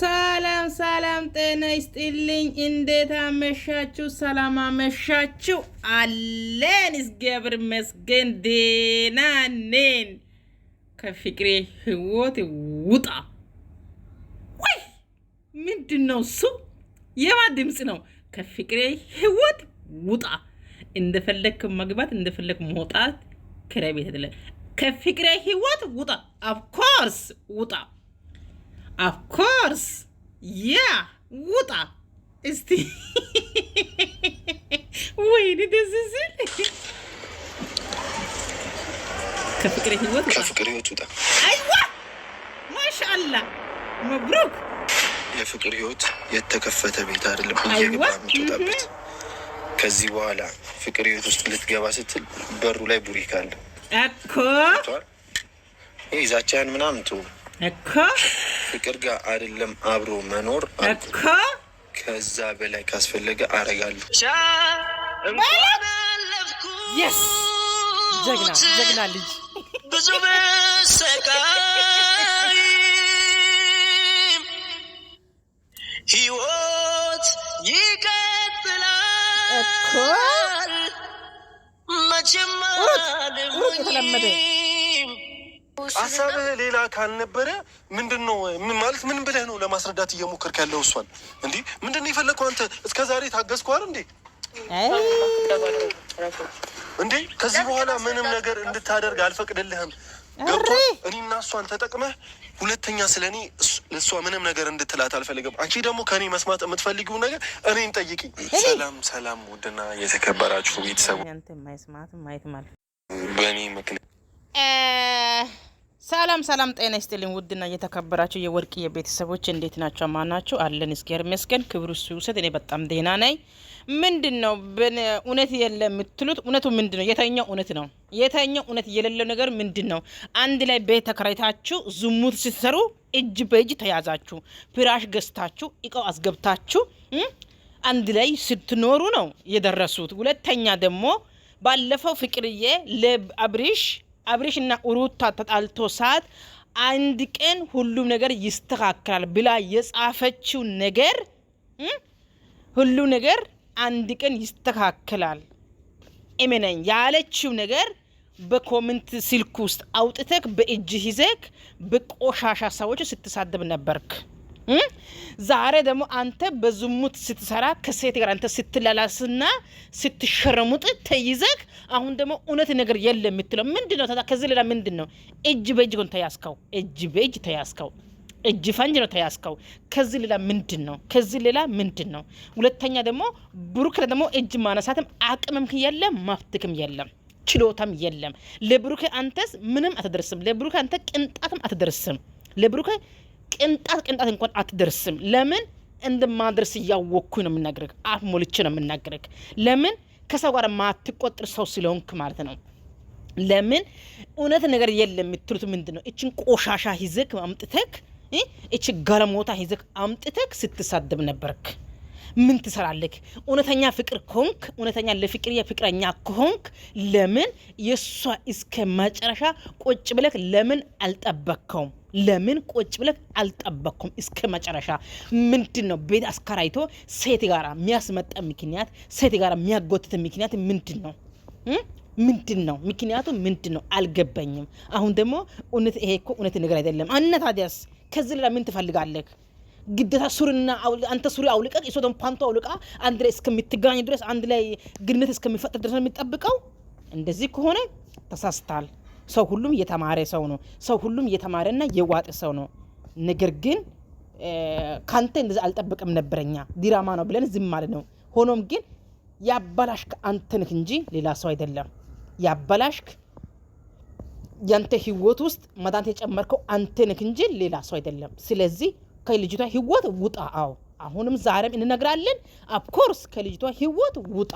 ሰላም ሰላም፣ ጤና ይስጥልኝ። እንዴት አመሻችሁ? ሰላም አመሻችሁ አለን። እግዚአብሔር ይመስገን ደህና ነን። ከፍቅሬ ህይወት ውጣ ወይ ምንድን ነው እሱ? የማን ድምፅ ነው? ከፍቅሬ ህይወት ውጣ። እንደፈለክ መግባት እንደፈለክ መውጣት ክራይ ቤት ከፍቅሬ ህይወት ውጣ። ኦፍኮርስ ውጣ አፍኮርስ ያ ውጣ እስቲ ወይኔ ደስ ሲል ከፍቅር ህይወት ከፍቅር ህይወት ውጣ። አይዋ ማሻአላ መብሩክ። የፍቅር ህይወት የተከፈተ ቤት አይደለም እየገባ የምትወጣበት። mm-hmm. ከዚህ በኋላ ፍቅር ህይወት ውስጥ ልትገባ ስትል በሩ ላይ ቡሪክ አለ እኮ ምናምን እኮ ፍቅር ጋር አይደለም አብሮ መኖር እኮ ከዛ በላይ ካስፈለገ አረጋለሁ። ጀግና ጀግና ልጅ ብዙ በሰቃይ ህይወት ይቀጥላል መቼም ሀሳብ ሌላ ካልነበረ ምንድን ነው ማለት? ምን ብለህ ነው ለማስረዳት እየሞከርክ ያለው? እሷን እንዴ ምንድን ነው የፈለግከው አንተ? እስከ ዛሬ ታገዝከዋል እንዴ? እንዴ ከዚህ በኋላ ምንም ነገር እንድታደርግ አልፈቅድልህም። ገብቶ እኔና እሷን ተጠቅመህ ሁለተኛ ስለ እኔ ምንም ነገር እንድትላት አልፈልግም። አንቺ ደግሞ ከእኔ መስማት የምትፈልጊው ነገር እኔን ጠይቂ። ሰላም ሰላም፣ ውድና የተከበራችሁ ቤተሰቡ በእኔ ምክንያት ሰላም ሰላም፣ ጤና ይስጥልኝ ውድና እየተከበራችሁ የወርቅዬ ቤተሰቦች እንዴት ናቸው? ማናችሁ አለን? እግዚአብሔር ይመስገን። ክብሩ ሲውሰድ እኔ በጣም ደህና ነኝ። ምንድን ነው እውነት የለ የምትሉት እውነቱ ምንድን ነው? የተኛው እውነት ነው። የተኛው እውነት የሌለው ነገር ምንድን ነው? አንድ ላይ ቤት ተከራይታችሁ ዝሙት ስትሰሩ እጅ በእጅ ተያዛችሁ፣ ፍራሽ ገዝታችሁ እቃው አስገብታችሁ አንድ ላይ ስትኖሩ ነው የደረሱት። ሁለተኛ ደግሞ ባለፈው ፍቅርዬ ለአብሪሽ አብሬሽና ሩታ ተጣልቶ ሰዓት አንድ ቀን ሁሉም ነገር ይስተካከላል ብላ የጻፈችው ነገር ሁሉ ነገር አንድ ቀን ይስተካከላል እመነኝ ያለችው ነገር በኮመንት ስልክ ውስጥ አውጥተክ በእጅ ይዘክ በቆሻሻ ሰዎች ስትሳደብ ነበርክ። ዛሬ ደግሞ አንተ በዝሙት ስትሰራ ከሴት ጋር አንተ ስትላላስና ስትሸረሙጥ ተይዘክ አሁን ደግሞ እውነት ነገር የለም የምትለው ምንድን ነው? ታዲያ ከዚህ ሌላ ምንድን ነው? እጅ በእጅ ነው ተያዝከው። እጅ በእጅ ተያዝከው። እጅ ፈንጅ ነው ተያዝከው። ከዚህ ሌላ ምንድን ነው? ከዚህ ሌላ ምንድን ነው? ሁለተኛ ደግሞ ብሩክ ደግሞ እጅ ማነሳትም አቅምም የለም መፍትክም የለም ችሎታም የለም። ለብሩክ አንተስ ምንም አትደርስም። ለብሩክ አንተ ቅንጣትም አትደርስም። ለብሩክ ቅንጣት ቅንጣት እንኳን አትደርስም። ለምን እንደማድረስ እያወቅኩኝ ነው የምናገርህ። አፍ ሞልቼ ነው የምናገርህ። ለምን ከሰው ጋር ማትቆጥር ሰው ስለሆንክ ማለት ነው። ለምን እውነት ነገር የለም የምትሉት ምንድን ነው? እችን ቆሻሻ ይዘህ አምጥተክ እች ጋለሞታ ይዘህ አምጥተክ ስትሳደብ ነበርክ። ምን ትሰራለክ? እውነተኛ ፍቅር ከሆንክ እውነተኛ ለፍቅር የፍቅረኛ ከሆንክ ለምን የእሷ እስከ መጨረሻ ቁጭ ብለክ ለምን አልጠበቅከውም? ለምን ቁጭ ብለህ አልጠበቅኩም እስከ መጨረሻ? ምንድን ነው ቤት አስከራይቶ ሴት ጋራ የሚያስመጣ ምክንያት፣ ሴት ጋር የሚያጎትት ምክንያት ምንድን ነው? ምንድን ነው ምክንያቱ? ምንድን ነው አልገባኝም። አሁን ደግሞ እውነት ይሄ እኮ እውነት ነገር አይደለም። አነ ታዲያስ ከዚህ ሌላ ምን ትፈልጋለህ? ግዴታ ሱሪና አንተ ሱሪ አውልቀ እሷ ደግሞ ፓንቶ አውልቃ አንድ ላይ እስከምትገናኝ ድረስ አንድ ላይ ግንኙነት እስከሚፈጠር ድረስ ነው የሚጠብቀው? እንደዚህ ከሆነ ተሳስታል። ሰው ሁሉም የተማረ ሰው ነው። ሰው ሁሉም የተማረና የዋጠ ሰው ነው። ነገር ግን ካንተ እንደዚህ አልጠበቅም ነበረኛ ዲራማ ነው ብለን ዝም ማለት ነው። ሆኖም ግን ያበላሽክ አንተ እንጂ ሌላ ሰው አይደለም። ያበላሽክ ያንተ ህይወት ውስጥ መድኃኒት የጨመርከው አንተ እንጂ ሌላ ሰው አይደለም። ስለዚህ ከልጅቷ ህይወት ውጣ። አዎ አሁንም ዛሬም እንነግራለን። አፍኮርስ ከልጅቷ ህይወት ውጣ።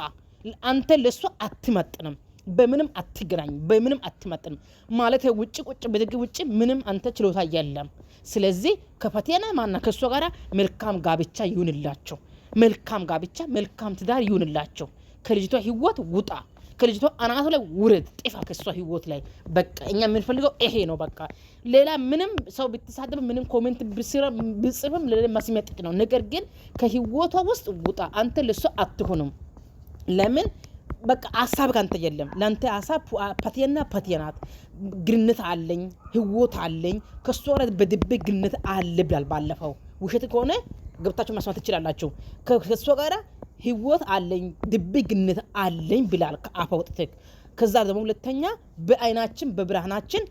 አንተ ለእሷ አትመጥንም። በምንም አትገናኝ በምንም አትመጥን ማለት ውጭ ቁጭ በድግ ውጭ ምንም አንተ ችሎታ የለም። ስለዚህ ከፈቴና ማና ከእሷ ጋር መልካም ጋብቻ ይሁንላቸው፣ መልካም ጋብቻ፣ መልካም ትዳር ይሁንላቸው። ከልጅቷ ህይወት ውጣ፣ ከልጅቷ አናቱ ላይ ውረድ፣ ጥፋ ከእሷ ህይወት ላይ በቃ። እኛ የምንፈልገው ይሄ ነው በቃ። ሌላ ምንም ሰው ብትሳደብ፣ ምንም ኮሜንት ብጽፍም ማስሚያጥቅ ነው። ነገር ግን ከህይወቷ ውስጥ ውጣ፣ አንተ ለሷ አትሆንም። ለምን በቃ ሀሳብ ካንተ የለም። ለአንተ ሀሳብ ፓቴና ፓቴናት ግንኙነት አለኝ ህይወት አለኝ ከሱ ጋር በድብቅ ግንኙነት አለ ብላል። ባለፈው ውሸት ከሆነ ገብታችሁ ማስማት ትችላላችሁ። ከሱ ጋር ህይወት አለኝ ድብቅ ግንኙነት አለኝ ብላል ከአፋ ወጥተህ። ከዛ ደግሞ ሁለተኛ በአይናችን በብርሃናችን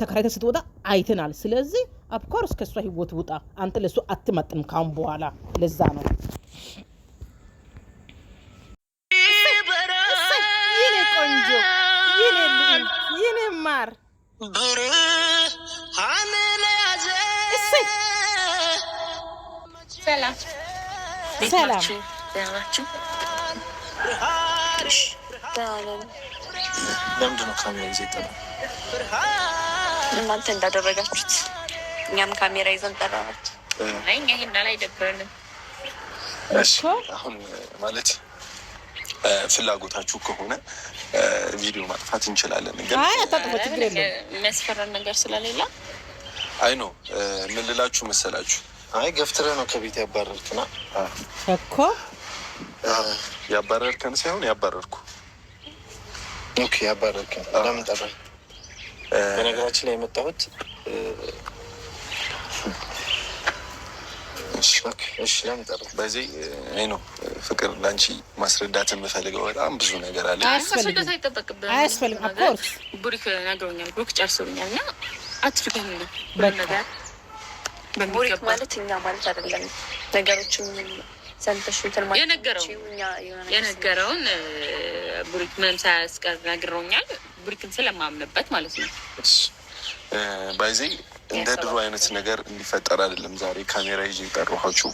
ተከራይተ ስትወጣ አይተናል። ስለዚህ አፍኮርስ ከእሷ ህይወት ውጣ። አንተ ለእሱ አትመጥም ካሁን በኋላ ለዛ ነው ማር ሰላም ሰላም እናንተ እንዳደረጋችሁት እኛም ካሜራ ይዘን ጠራናቸው። አይ እኛ ይሄን አላይደብረንም እኮ አሁን ማለት ፍላጎታችሁ ከሆነ ቪዲዮ ማጥፋት እንችላለን። የሚያስፈራ ነገር ስለሌላ አይ ነው ምን መሰላችሁ? አይ ገፍትረ ነው ከቤት ያባረርክና እኮ ያባረርከን ሳይሆን ያባረርኩ ያባረርከን ለምን ጠራ? በነገራችን ላይ የመጣሁት በዚህ አይ ነው ፍቅር ለአንቺ ማስረዳት የምፈልገው በጣም ብዙ ነገር አለ። ማስረዳት አይጠበቅብህም። አያስፈልግም። ቡሪክ ነግሮኛል፣ ቡሪክ ጨርሶኛል። እና ቡሪክ ማለት እኛ ማለት አይደለም። የነገረውን ቡሪክ ምንም ሳያስቀር ነግሮኛል። ቡሪክን ስለማምንበት ማለት ነው ባይዜ እንደ ድሮ አይነት ነገር እንዲፈጠር አይደለም። ዛሬ ካሜራ ይዤ ቀረኋችሁ።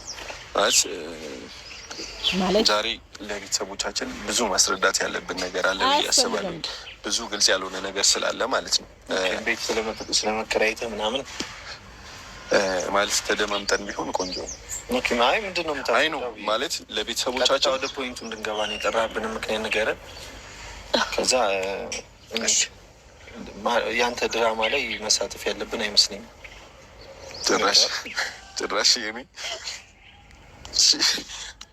ማለት ዛሬ ለቤተሰቦቻችን ብዙ ማስረዳት ያለብን ነገር አለ ብዬ ብዙ ግልጽ ያልሆነ ነገር ስላለ ማለት ነው። ቤት ስለመከራየት ምናምን ማለት ተደማምጠን ቢሆን ቆንጆ ነው። ምንድን ነው አይ ነው ማለት ለቤተሰቦቻቸው ወደ ፖይንቱ እንድንገባ ነው የጠራብን ምክንያት ነገርን ከዛ ያንተ ድራማ ላይ መሳተፍ ያለብን አይመስለኝም። ጭራሽ ጭራሽ የሚ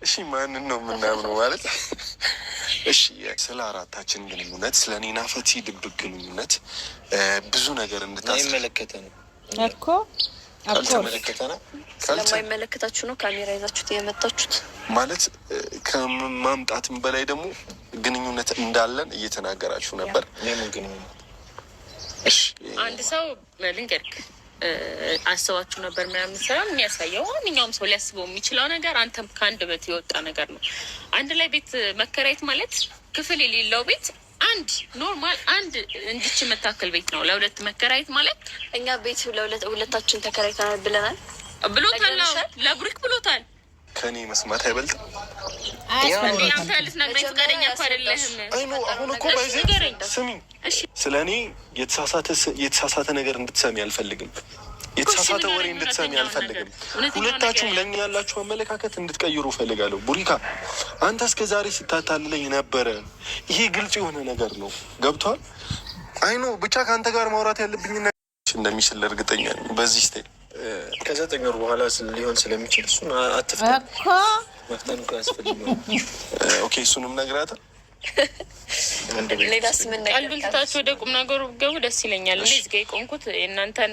እሺ፣ ማንን ነው የምናምነው ማለት እሺ። ስለ አራታችን ግንኙነት ስለ ኔናፈቲ ድብቅ ግንኙነት ብዙ ነገር እንድታስመለከተ ነው እኮ ስለማይመለከታችሁ ነው ካሜራ ይዛችሁት የመጣችሁት። ማለት ከማምጣትም በላይ ደግሞ ግንኙነት እንዳለን እየተናገራችሁ ነበር። ግንኙነት እሺ አንድ ሰው ልንገርክ አስባችሁ ነበር ምናምን ስራ የሚያሳየው ማንኛውም ሰው ሊያስበው የሚችለው ነገር አንተም ከአንድ በት የወጣ ነገር ነው። አንድ ላይ ቤት መከራየት ማለት ክፍል የሌለው ቤት አንድ ኖርማል አንድ እንድች መታከል ቤት ነው። ለሁለት መከራየት ማለት እኛ ቤት ለሁለታችን ተከራይተናል ብለናል ብሎታል፣ ለብሪክ ብሎታል ከኔ መስማት አይበልጥም። ስለ እኔ የተሳሳተ ነገር እንድትሰሚ አልፈልግም። የተሳሳተ ወሬ እንድትሰሚ አልፈልግም። ሁለታችሁም ለእኛ ያላችሁ አመለካከት እንድትቀይሩ እፈልጋለሁ። ቡሪካ፣ አንተ እስከ ዛሬ ስታታልለኝ ነበረ። ይሄ ግልጽ የሆነ ነገር ነው። ገብቷል። አይኖ ብቻ ከአንተ ጋር ማውራት ያለብኝ እንደሚችል እርግጠኛ ነኝ በዚህ ስታይል ከዘጠኝ ወር በኋላ ሊሆን ስለሚችል እሱን አትፍጠን እኮ መፍጠን እኮ ያስፈልገው። ኦኬ እሱንም ነግራታል። ሌላስ ምን አልብልታችሁ ወደ ቁም ነገሩ ገቡ ደስ ይለኛል። እኔ እዚህ ጋ የቆምኩት የእናንተን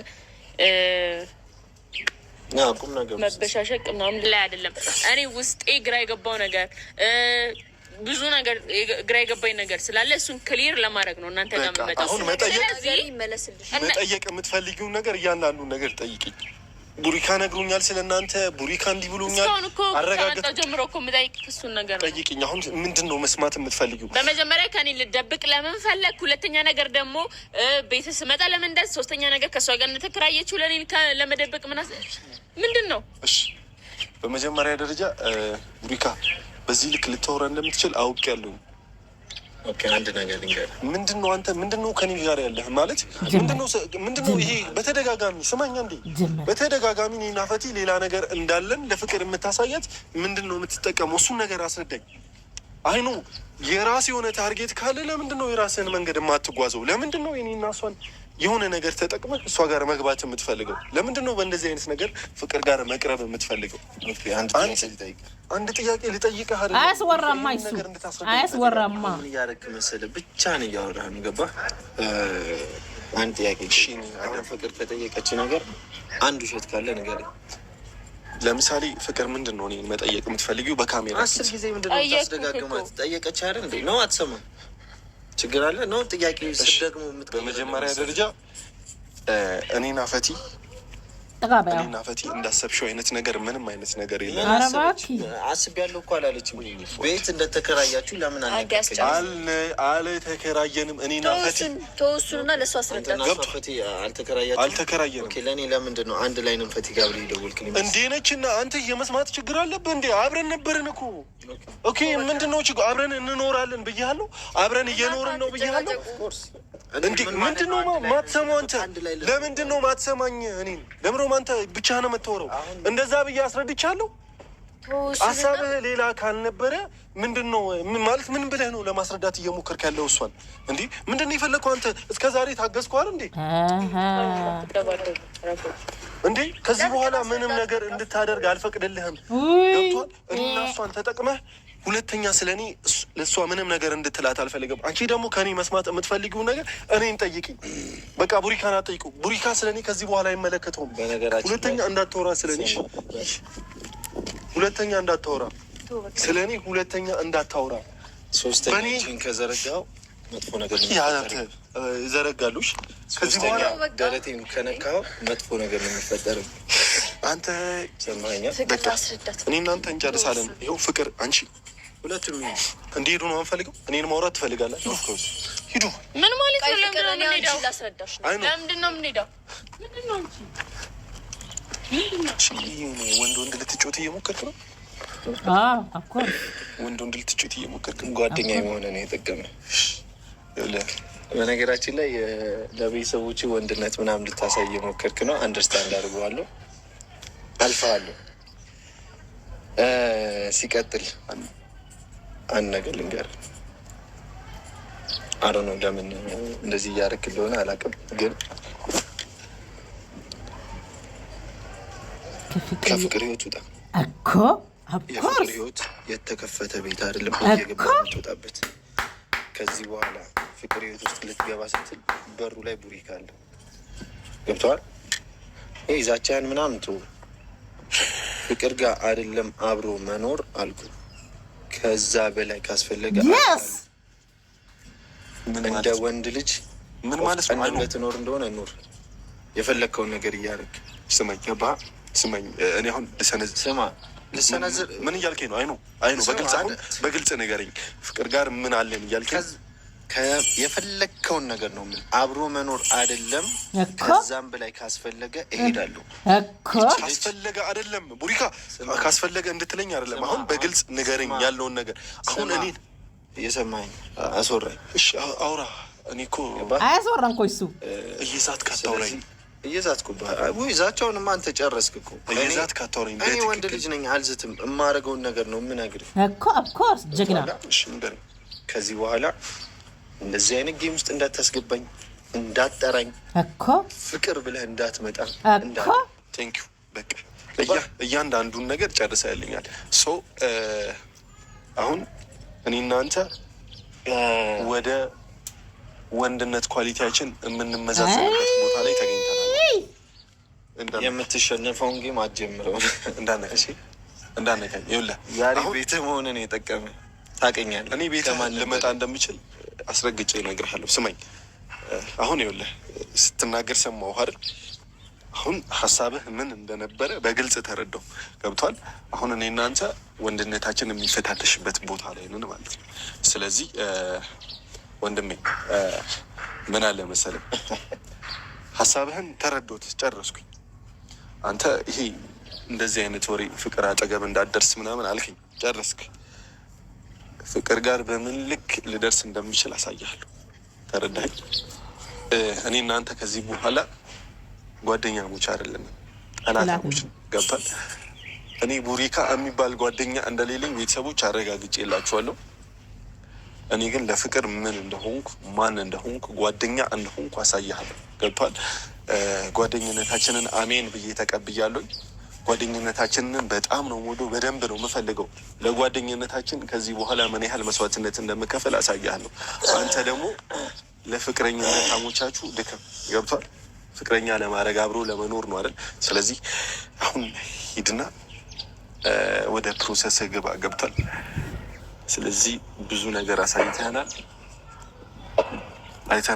መበሻሸቅ ምናምን ላይ አይደለም። እኔ ውስጤ ግራ የገባው ነገር ብዙ ነገር ግራ የገባኝ ነገር ስላለ እሱን ክሊር ለማድረግ ነው እናንተ ጋር የምመጣው። አሁን መጠየቅ የምትፈልጊውን ነገር እያንዳንዱን ነገር ጠይቅኝ። ቡሪካ ነግሮኛል ስለ እናንተ፣ ቡሪካ እንዲህ ብሎኛል። አረጋገጥ ጀምሮ እኮ የምጠይቅ እሱን ነገር ነው። ጠይቅኝ። አሁን ምንድን ነው መስማት የምትፈልጊው? በመጀመሪያ ከኔ ልደብቅ ለምን ፈለግ? ሁለተኛ ነገር ደግሞ ቤተ ስመጣ ለምን እንደዚህ፣ ሶስተኛ ነገር ከእሷ ጋር እንደተከራየችው ለእኔ ለመደበቅ ምናስ ምንድን ነው? እሺ በመጀመሪያ ደረጃ ቡሪካ በዚህ ልክ ልታወራ እንደምትችል አውቄያለሁ። አንድ ነገር ልንገርህ። ምንድን ነው አንተ ምንድን ነው ከኔ ጋር ያለህ ማለት ምንድን ነው ይሄ? በተደጋጋሚ ስማኛ እንዴ፣ በተደጋጋሚ እኔና ፈቲ ሌላ ነገር እንዳለን ለፍቅር የምታሳያት ምንድን ነው የምትጠቀመው? እሱን ነገር አስረዳኝ። አይ የራስ የሆነ ታርጌት ካለ ለምንድን ነው የራስህን መንገድ የማትጓዘው? ለምንድን ነው የኔና እሷን የሆነ ነገር ተጠቅመህ እሷ ጋር መግባት የምትፈልገው ለምንድን ነው? በእንደዚህ አይነት ነገር ፍቅር ጋር መቅረብ የምትፈልገው? አንድ ጥያቄ ልጠይቅህ። አያስወራማ ይሱ አያስወራማ እያደረክ መሰለህ ብቻህን እያወራህ ነው። ገባህ? አንድ ጥያቄ እሺ፣ ፍቅር ከጠየቀች ነገር አንድ ውሸት ካለ ነገር ለምሳሌ ፍቅር ምንድን ነው እኔን መጠየቅ የምትፈልጊው? በካሜራ አስር ጊዜ ምንድን ነው ታስደጋግማት ጠየቀች አይደል እንዴ ነው አትሰማም ችግር አለ ነው ጥያቄ። በመጀመሪያ ደረጃ እኔና ፈቲ እኔና ፈቲ እንዳሰብሽው አይነት ነገር ምንም አይነት ነገር የለም። አስቤያለሁ እኮ አላለችም። ቤት እንደተከራያችሁ ለምን አልተከራየንም? እኔና ፈቲ ተወሱኑና ለእሱ አልተከራየንም። ለእኔ ለምንድን ነው አንድ ላይ ነን? ፈቲ ጋር ደወልክ እንዴ ነች እና አንተ የመስማት ችግር አለብህ እንዴ? አብረን ነበርን እኮ ኦኬ። ምንድን ነው ችግር? አብረን እንኖራለን ብያለሁ። አብረን እየኖርን ነው ብያለሁ። እንዴ ምንድን ነው ማትሰማው? አንተ ለምንድን ነው ማትሰማኝ? እኔ ለምሮ ነው ብቻ ነው የምትወረው። እንደዛ ብዬ አስረድቻለሁ። አሳበ ሌላ ካልነበረ ምንድን ነው ማለት ምን ብለህ ነው ለማስረዳት እየሞከርክ ያለው? እሷን እንዴ ምንድን ነው የፈለግከው አንተ? እስከ ዛሬ አይደል እንዴ? እንዴ ከዚህ በኋላ ምንም ነገር እንድታደርግ አልፈቅድልህም። ገብቶሃል? እና እሷን ተጠቅመህ ሁለተኛ ስለ እኔ ለእሷ ምንም ነገር እንድትላት አልፈልግም። አንቺ ደግሞ ከእኔ መስማት የምትፈልጊውን ነገር እኔን ጠይቂ። በቃ ቡሪካን አጠይቁ። ቡሪካ ስለ እኔ ከዚህ በኋላ አይመለከተውም። ሁለተኛ እንዳታወራ ስለ እኔ፣ ሁለተኛ እንዳታወራ ስለ እኔ፣ ሁለተኛ እንዳታወራ። ሶስተኛችን ከዘረጋው መጥፎ ነገር ዘረጋሉሽ። ከዚህ በኋላ ደረቴን ከነካው መጥፎ ነገር ነው የሚፈጠርም አንተ ሰማኛ፣ እኔ እናንተ እንጨርሳለን። ይኸው ፍቅር አንቺ ሁለቱም እንዲሄዱ ነው አንፈልገው። እኔን ማውራት ትፈልጋለህ? ሂዱ። ምን ማለት ነው? ለምንድን ነው የምንሄደው? ወንድ ወንድ ልትጮት እየሞከርክ ነው። ወንድ ወንድ ልትጮት እየሞከርክ ነው። ጓደኛ የመሆነ ነው የጠቀመ። በነገራችን ላይ ለቤተሰቦች ወንድነት ምናምን ልታሳይ እየሞከርክ ነው። አንደርስታንድ አድርገዋለሁ። አልፈዋለሁ። ሲቀጥል አንድ ነገር ልንገር፣ አረ ነው ለምን እንደዚህ እያደረክ እንደሆነ አላውቅም፣ ግን ከፍቅር ህይወት ውጣ እኮ። የፍቅር ህይወት የተከፈተ ቤት አይደለም የምትወጣበት። ከዚህ በኋላ ፍቅር ህይወት ውስጥ ልትገባ ስትል በሩ ላይ ቡሪክ አለ። ገብተዋል። ይህ ዛቻያን ምናምን ትሆን ፍቅር ጋር አይደለም አብሮ መኖር አልኩት። ከዛ በላይ ካስፈለገ እንደ ወንድ ልጅ ምን ማለት ነው? ትኖር እንደሆነ ኑር፣ የፈለግከውን ነገር እያደረግ ስመኝ ገባ ስመኝ። እኔ አሁን ልሰነዝር ስማ፣ ልሰነዝር ምን እያልከኝ ነው? አይኑ አይኑ፣ በግልጽ ንገረኝ። ፍቅር ጋር ምን አለን እያልከኝ የፈለግከውን ነገር ነው የሚል አብሮ መኖር አይደለም። ከዛም በላይ ካስፈለገ እሄዳለሁ። ካስፈለገ አይደለም ቡሪካ ካስፈለገ እንድትለኝ አይደለም። አሁን በግልጽ ንገረኝ ያለውን ነገር አሁን እኔ እየሰማኝ አስወራ። እሺ አውራ። እኔ እኮ አያስወራም እኮ እሱ እየዛት ካታውራኝ እየዛት ኩባ ዛቸውንማ አንተ ጨረስክ እኮ እየዛት ካታውራኝ። እኔ ወንድ ልጅ ነኝ፣ አልዝትም። የማደርገውን ነገር ነው የምነግርህ እኮ ኦፍኮርስ ጀግና። እሺ ንገረኝ ከዚህ በኋላ እንደዚህ አይነት ጌም ውስጥ እንዳታስገባኝ፣ እንዳጠራኝ እኮ ፍቅር ብለህ እንዳትመጣ እንዳ ቴንክ ዩ በቃ እያንዳንዱን ነገር ጨርሳ ያለኛል። ሶ አሁን እኔ እናንተ ወደ ወንድነት ኳሊቲያችን የምንመዛዘንበት ቦታ ላይ ተገኝተናል። የምትሸነፈውን ጌም አትጀምረው። እንዳነቀሽ እንዳነቀኝ ይኸውልህ፣ ዛሬ ቤትህ መሆንን የጠቀመ ታውቀኛለህ። እኔ ቤት ልመጣ እንደምችል አስረግጬ እነግርሃለሁ። ስማኝ አሁን ይኸውልህ ስትናገር ሰማሁ አይደል? አሁን ሀሳብህ ምን እንደነበረ በግልጽ ተረዳው። ገብቷል። አሁን እኔ እናንተ ወንድነታችን የሚፈታተሽበት ቦታ ላይ ነን ማለት ነው። ስለዚህ ወንድሜ ምን አለ መሰለህ፣ ሀሳብህን ተረዶት ጨረስኩኝ። አንተ ይሄ እንደዚህ አይነት ወሬ ፍቅር አጠገብ እንዳደርስ ምናምን አልክኝ ጨረስክ ፍቅር ጋር በምን ልክ ልደርስ እንደምችል አሳያለሁ። ተረዳኝ። እኔ እናንተ ከዚህ በኋላ ጓደኛሞች አይደለም ጠላቶች ገብቷል። እኔ ቡሪካ የሚባል ጓደኛ እንደሌለኝ ቤተሰቦች አረጋግጬ የላችኋለሁ። እኔ ግን ለፍቅር ምን እንደሆንኩ ማን እንደሆንኩ ጓደኛ እንደሆንኩ አሳያለሁ። ገብቷል። ጓደኝነታችንን አሜን ብዬ ተቀብያለሁኝ። ጓደኝነታችንን በጣም ነው ሙሉ በደንብ ነው የምፈልገው። ለጓደኝነታችን ከዚህ በኋላ ምን ያህል መስዋዕትነት እንደምከፍል አሳያለሁ። አንተ ደግሞ ለፍቅረኝነት አሞቻችሁ ድክም ገብቷል። ፍቅረኛ ለማድረግ አብሮ ለመኖር ነው አይደል? ስለዚህ አሁን ሂድና ወደ ፕሮሰስ ግባ። ገብቷል። ስለዚህ ብዙ ነገር አሳይተናል አይተነዋል።